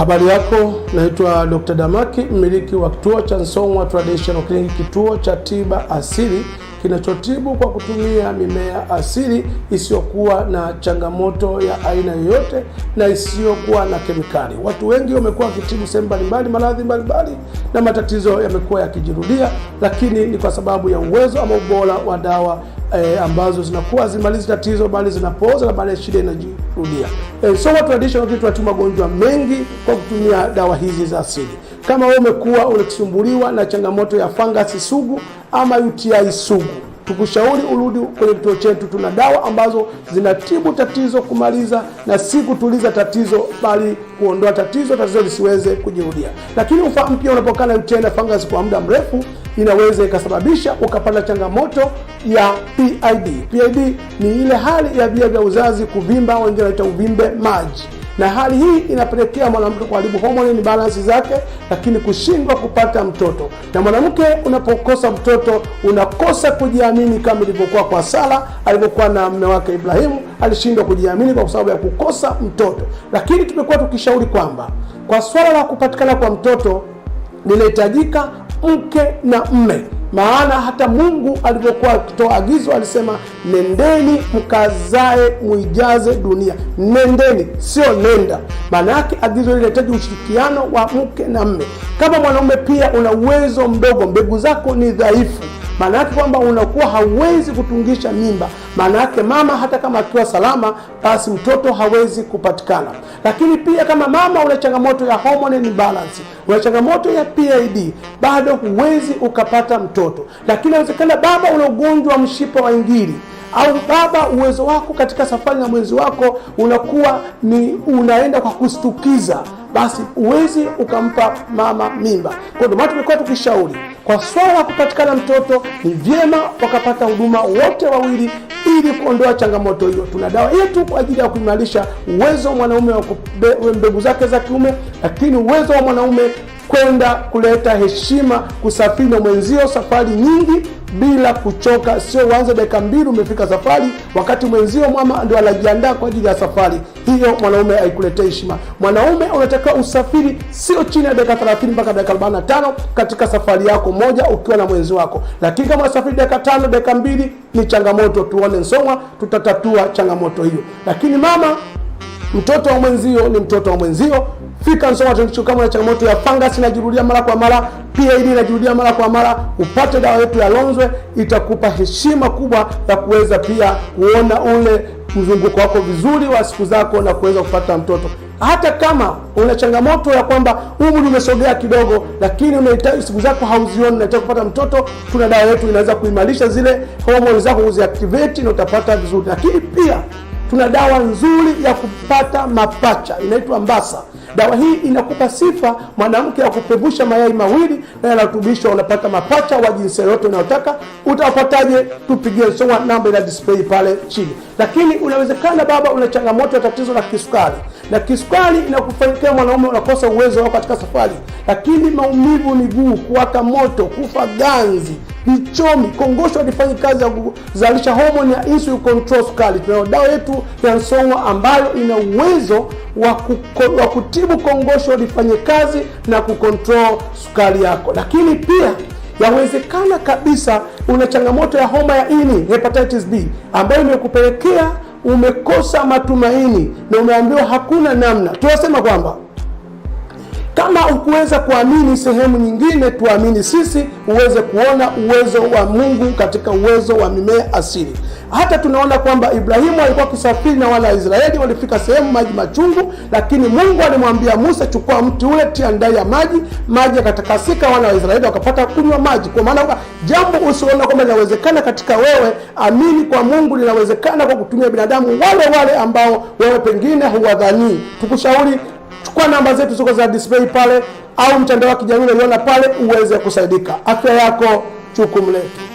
Habari yako, naitwa Dr. Damaki, mmiliki wa kituo cha Song'wa Traditional Clinic, kituo cha tiba asili kinachotibu kwa kutumia mimea asili isiyokuwa na changamoto ya aina yoyote na isiyokuwa na kemikali. Watu wengi wamekuwa wakitibu sehemu mbalimbali maradhi mbalimbali, na matatizo yamekuwa yakijirudia, lakini ni kwa sababu ya uwezo ama ubora wa dawa e, ambazo zinakuwa zimalizi tatizo bali zinapoza na baadaye shida inajirudia. E, so watu traditional kitu tunatibu magonjwa mengi kwa kutumia dawa hizi za asili. Kama wewe umekuwa unasumbuliwa na changamoto ya fangasi sugu ama UTI sugu, tukushauri urudi kwenye kituo chetu. Tuna dawa ambazo zinatibu tatizo kumaliza, na si kutuliza tatizo, bali kuondoa tatizo, tatizo lisiweze kujirudia. Lakini ufahamu pia, unapokana UTI na fangasi kwa muda mrefu inaweza ikasababisha ukapata changamoto ya PID. PID ni ile hali ya via vya uzazi kuvimba, wengine wanaita uvimbe maji, na hali hii inapelekea mwanamke kuharibu homoni ni balansi zake, lakini kushindwa kupata mtoto. Na mwanamke unapokosa mtoto unakosa kujiamini, kama ilivyokuwa kwa Sara alivyokuwa na mume wake Ibrahimu, alishindwa kujiamini kwa sababu ya kukosa mtoto. Lakini tumekuwa tukishauri kwamba kwa swala la kupatikana kwa mtoto linahitajika mke na mme. Maana hata Mungu alivyokuwa akitoa agizo alisema, nendeni mkazae muijaze dunia. Nendeni, sio nenda. Maana yake agizo linahitaji ushirikiano wa mke na mme. Kama mwanaume pia una uwezo mdogo, mbegu zako ni dhaifu maana yake kwamba unakuwa hauwezi kutungisha mimba. Maana yake mama hata kama akiwa salama, basi mtoto hawezi kupatikana. Lakini pia kama mama una changamoto ya hormone imbalance, una changamoto ya PID, bado huwezi ukapata mtoto. Lakini inawezekana baba una ugonjwa wa mshipa wa ingiri au baba, uwezo wako katika safari na mwenzi wako unakuwa ni unaenda kwa kustukiza basi huwezi ukampa mama mimba. Kwa ndio maana tumekuwa tukishauri kwa swala la kupatikana mtoto, ni vyema wakapata huduma wote wawili ili kuondoa changamoto hiyo. Tuna dawa yetu kwa ajili ya kuimarisha uwezo wa mwanaume wa mbegu zake za kiume, lakini uwezo wa mwanaume kwenda kuleta heshima, kusafiri na mwenzio safari nyingi bila kuchoka, sio uanze dakika mbili umefika safari, wakati mwenzio mama ndio anajiandaa kwa ajili ya safari hiyo. Mwanaume haikuletea heshima. Mwanaume unatakiwa usafiri sio chini ya dakika 30 mpaka dakika 45 katika safari yako moja ukiwa na mwenzi wako, lakini kama safari dakika tano dakika mbili ni changamoto. Tuone Song'wa tutatatua changamoto hiyo, lakini mama Mtoto wa mwenzio ni mtoto wa mwenzio. Fika Nsoma tunaishi kama na changamoto ya fungus inajirudia mara kwa mara, PID inajirudia mara kwa mara, upate dawa yetu ya Lonzwe, itakupa heshima kubwa ya kuweza pia kuona ule mzunguko wako vizuri wa siku zako na kuweza kupata mtoto. Hata kama una changamoto ya kwamba umri umesogea kidogo, lakini unahitaji siku zako hauzioni, unahitaji kupata mtoto, tuna dawa yetu inaweza kuimarisha zile homoni zako uziactivate na utapata vizuri, lakini pia Tuna dawa nzuri ya kupata mapacha inaitwa Mbasa. Dawa hii inakupa sifa mwanamke ya kupevusha mayai mawili na yanarutubishwa, unapata mapacha wa jinsia yote unayotaka. Utawapataje? Tupigie sowa, namba ina display pale chini. Lakini unawezekana baba, una changamoto ya tatizo la kisukari, na kisukari inakufanyikia mwanaume, unakosa uwezo wao katika safari, lakini maumivu miguu, kuwaka moto, kufa ganzi Bichomi, kongosho halifanyi kazi ya kuzalisha homoni ya insulin control sukari, tunayo dawa yetu ya Song'wa ambayo ina uwezo wa kutibu kongosho lifanye kazi na kukontrol sukari yako, lakini pia yawezekana kabisa una changamoto ya homa ya ini hepatitis B ambayo imekupelekea umekosa matumaini na umeambiwa hakuna namna. Tunasema kwamba kama ukuweza kuamini sehemu nyingine, tuamini sisi, uweze kuona uwezo wa Mungu katika uwezo wa mimea asili. Hata tunaona kwamba Ibrahimu alikuwa akisafiri na wana wa Israeli, walifika sehemu maji machungu, lakini Mungu alimwambia Musa, chukua mti ule, tia ndani ya maji, maji yakatakasika, wana wa Israeli wakapata kunywa maji. Kwa maana jambo usiona kwamba linawezekana katika wewe, amini kwa Mungu, linawezekana kwa kutumia binadamu wale wale ambao wewe pengine huwadhanii. Tukushauri Chukua namba zetu ziko za display pale, au mtandao wa kijamii unaiona pale, uweze kusaidika. Afya yako chukumletu letu.